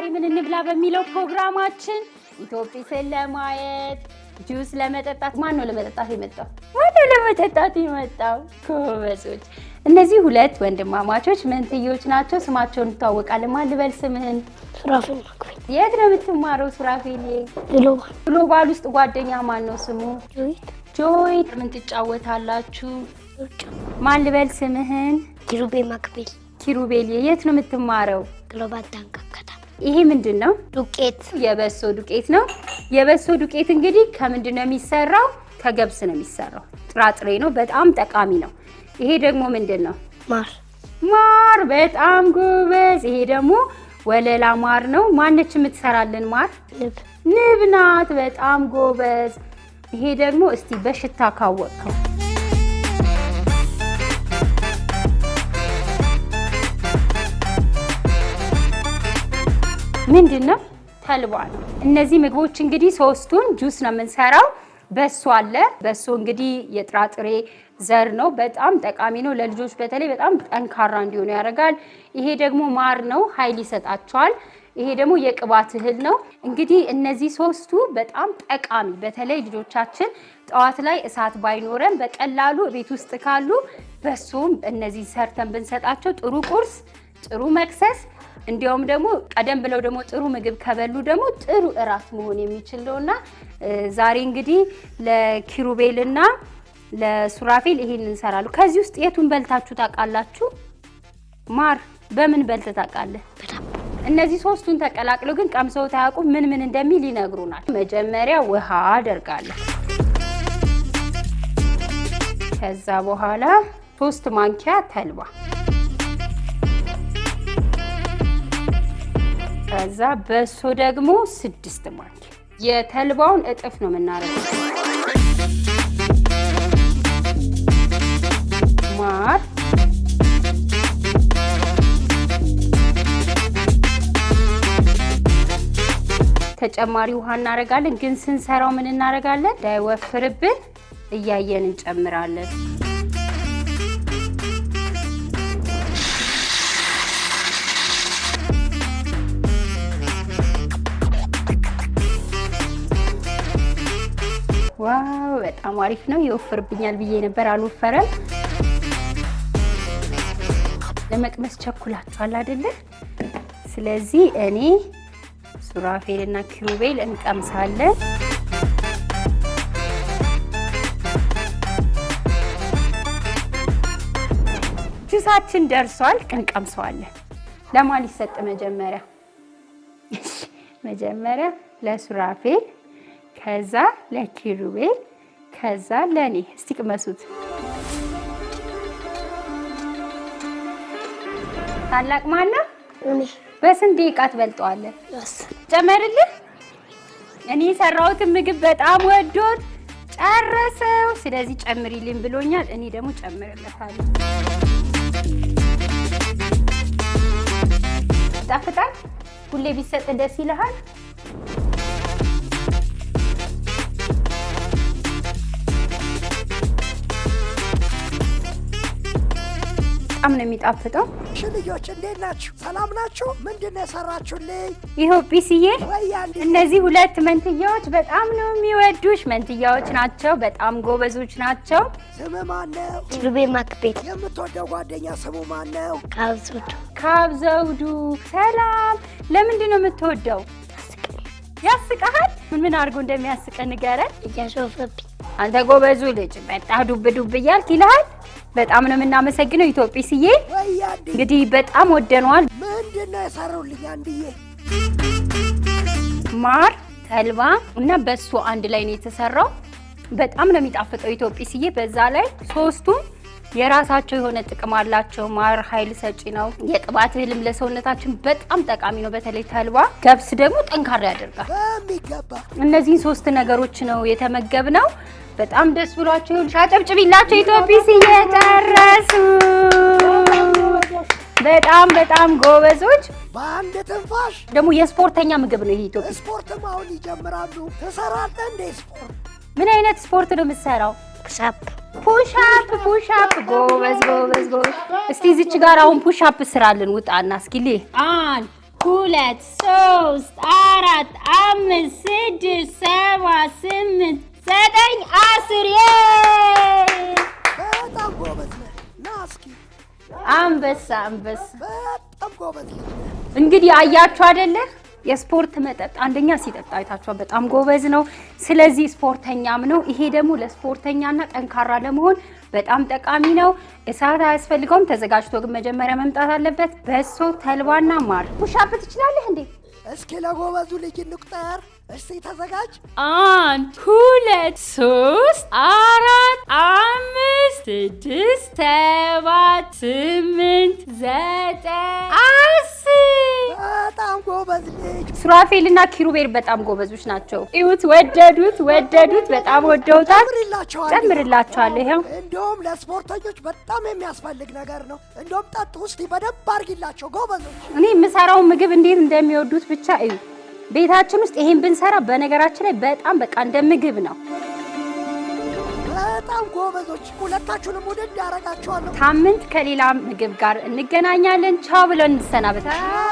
ዛሬ ምን እንብላ በሚለው ፕሮግራማችን ኢትዮጲስን ለማየት ጁስ ለመጠጣት ማን ነው ለመጠጣት የመጣው? ማነው ለመጠጣት የመጣው? ጎበዞች! እነዚህ ሁለት ወንድማማቾች መንትዮች ናቸው። ስማቸውን እንተዋወቃለን። ማን ልበል ስምህን? ሱራፌል። የት ነው የምትማረው ሱራፌል? ግሎባል። ውስጥ ጓደኛ ማን ነው ስሙ? ጆይት። ምን ትጫወታላችሁ? ማን ልበል ስምህን? ኪሩቤል ማክቤል። ኪሩቤል። የት ነው የምትማረው? ግሎባል ዳንካ ይሄ ምንድን ነው? ዱቄት የበሶ ዱቄት ነው። የበሶ ዱቄት እንግዲህ ከምንድን ነው የሚሰራው? ከገብስ ነው የሚሰራው። ጥራጥሬ ነው፣ በጣም ጠቃሚ ነው። ይሄ ደግሞ ምንድን ነው? ማር ማር። በጣም ጎበዝ። ይሄ ደግሞ ወለላ ማር ነው። ማነች የምትሰራልን ማር? ንብ ናት። በጣም ጎበዝ። ይሄ ደግሞ እስቲ በሽታ ካወቅከው ምንድን ነው? እነዚህ ምግቦች እንግዲህ ሶስቱን ጁስ ነው የምንሰራው። በሶ አለ። በሶ እንግዲህ የጥራጥሬ ዘር ነው። በጣም ጠቃሚ ነው ለልጆች በተለይ በጣም ጠንካራ እንዲሆኑ ያደርጋል። ይሄ ደግሞ ማር ነው፣ ኃይል ይሰጣቸዋል። ይሄ ደግሞ የቅባት እህል ነው። እንግዲህ እነዚህ ሶስቱ በጣም ጠቃሚ በተለይ ልጆቻችን ጠዋት ላይ እሳት ባይኖረን በቀላሉ ቤት ውስጥ ካሉ በሶም እነዚህ ሰርተን ብንሰጣቸው ጥሩ ቁርስ፣ ጥሩ መክሰስ እንዲያውም ደግሞ ቀደም ብለው ደግሞ ጥሩ ምግብ ከበሉ ደግሞ ጥሩ እራት መሆን የሚችል ነውና ዛሬ እንግዲህ ለኪሩቤልና ለሱራፌል ይሄን እንሰራሉ። ከዚህ ውስጥ የቱን በልታችሁ ታውቃላችሁ? ማር በምን በልት ታውቃለህ? እነዚህ ሶስቱን ተቀላቅለው ግን ቀምሰው ታያውቁ ምን ምን እንደሚል ይነግሩናል። መጀመሪያ ውሃ አደርጋለሁ። ከዛ በኋላ ሶስት ማንኪያ ተልባ ከዛ በሶ ደግሞ ስድስት ማንኪያ የተልባውን እጥፍ ነው የምናረገው። ማር ተጨማሪ ውሃ እናደርጋለን። ግን ስንሰራው ምን እናደርጋለን እንዳይወፍርብን እያየን እንጨምራለን። በጣም አሪፍ ነው። ይወፍርብኛል ብዬ ነበር፣ አልወፈረም። ለመቅመስ ቸኩላችኋል አይደለ? ስለዚህ እኔ ሱራፌል እና ኪሩቤል እንቀምሳለን። ጁሳችን ደርሷል፣ እንቀምሰዋለን። ለማን ይሰጥ መጀመሪያ? መጀመሪያ ለሱራፌል ከዛ ለኪሩቤል ከዛ ለእኔ እስቲ ቅመሱት። ታላቅ ማነው? በስንት ደቂቃ ትበልጠዋለህ? ጨመርልህ። እኔ የሰራሁትን ምግብ በጣም ወዶት ጨረሰው። ስለዚህ ጨምሪልኝ ብሎኛል። እኔ ደግሞ ጨምርለታለሁ። ጣፍጣል። ሁሌ ቢሰጥ ደስ ይልሃል። በጣም ነው የሚጣፍጠው። እሺ ልጆች እንዴት ናችሁ? ሰላም ናችሁ? ምንድን ነው የሰራችሁልኝ? ይኸው ፒስዬ፣ እነዚህ ሁለት መንትያዎች በጣም ነው የሚወዱሽ። መንትያዎች ናቸው፣ በጣም ጎበዞች ናቸው። ስም ማነው? ሩቤ ማክቤት። የምትወደው ጓደኛ ስሙ ማነው? ካብዘውዱ። ካብዘውዱ፣ ሰላም። ለምንድን ነው የምትወደው? ያስቀሃል። ምን ምን አድርጎ እንደሚያስቀ ንገረን። እያሾፈብኝ። አንተ ጎበዙ ልጅ መጣ ዱብ ዱብ እያልክ ይልሃል በጣም ነው የምናመሰግነው ኢትዮጲስዬ። እንግዲህ በጣም ወደነዋል። ምንድነው የሰሩልኝ? አንድዬ ማር ተልባ እና በሶ አንድ ላይ ነው የተሰራው። በጣም ነው የሚጣፍጠው ኢትዮጲስዬ። በዛ ላይ ሶስቱም የራሳቸው የሆነ ጥቅም አላቸው። ማር ኃይል ሰጪ ነው። የቅባት እህልም ለሰውነታችን በጣም ጠቃሚ ነው። በተለይ ተልባ፣ ገብስ ደግሞ ጠንካራ ያደርጋል። እነዚህን ሶስት ነገሮች ነው ነው። በጣም ደስ ብሏችሁ ይኸውልሽ፣ አጨብጭቢላቸው። ኢትዮጲስ እየጨረሱ በጣም በጣም ጎበዞች። በአንድ ትንፋሽ ደግሞ የስፖርተኛ ምግብ ነው ይሄ። ኢትዮጲስ ስፖርትም አሁን ይጀምራሉ። ትሰራለህ እንደ ስፖርት። ምን አይነት ስፖርት ነው የምትሰራው? ፑሻፕ ፑሻፕ ፑሻፕ። ጎበዝ ጎበዝ ጎበዝ። እስቲ እዚች ጋር አሁን ፑሻፕ ስራልን። ውጣና እስኪሌ አን ሁለት ሶስት አራት አምስት ስድስት ሰባት ስምንት ዘጠኝ አስር በጣም ጎበዝ ነህ። ና እስኪ አንበሳ አንበሳ በጣም ጎበዝ እንግዲህ አያችሁ አይደለ የስፖርት መጠጥ አንደኛ ሲጠጣ አይታችኋል። በጣም ጎበዝ ነው። ስለዚህ ስፖርተኛም ነው። ይሄ ደግሞ ለስፖርተኛና ጠንካራ ለመሆን በጣም ጠቃሚ ነው። እሳት አያስፈልገውም። ተዘጋጅቶ ግን መጀመሪያ መምጣት አለበት። በሶ ተልባና ማር። ፑሽ ትችላለህ እንዴ? እስኪ ለጎበዙ ልጅ እንቁጠር። እስቲ ተዘጋጅ። አንድ ሁለት ሶስት አራት አምስት ስድስት ሰባት ስምንት ዘጠኝ ሱራፌልና ኪሩቤል በጣም ጎበዞች ናቸው። እዩት፣ ወደዱት ወደዱት፣ በጣም ወደውታል። ጨምርላቸዋለሁ። ይኸው እንደውም ለስፖርተኞች በጣም የሚያስፈልግ ነገር ነው። እንደውም ጠጡ ውስጥ በደንብ አድርጊላቸው ጎበዞች። እኔ የምሰራውን ምግብ እንዴት እንደሚወዱት ብቻ እዩ። ቤታችን ውስጥ ይሄን ብንሰራ በነገራችን ላይ በጣም በቃ እንደ ምግብ ነው። በጣም ጎበዞች ሁለታችሁንም ወደ እንዳረጋቸዋለሁ። ሳምንት ከሌላ ምግብ ጋር እንገናኛለን። ቻው ብለን እንሰናበታለን።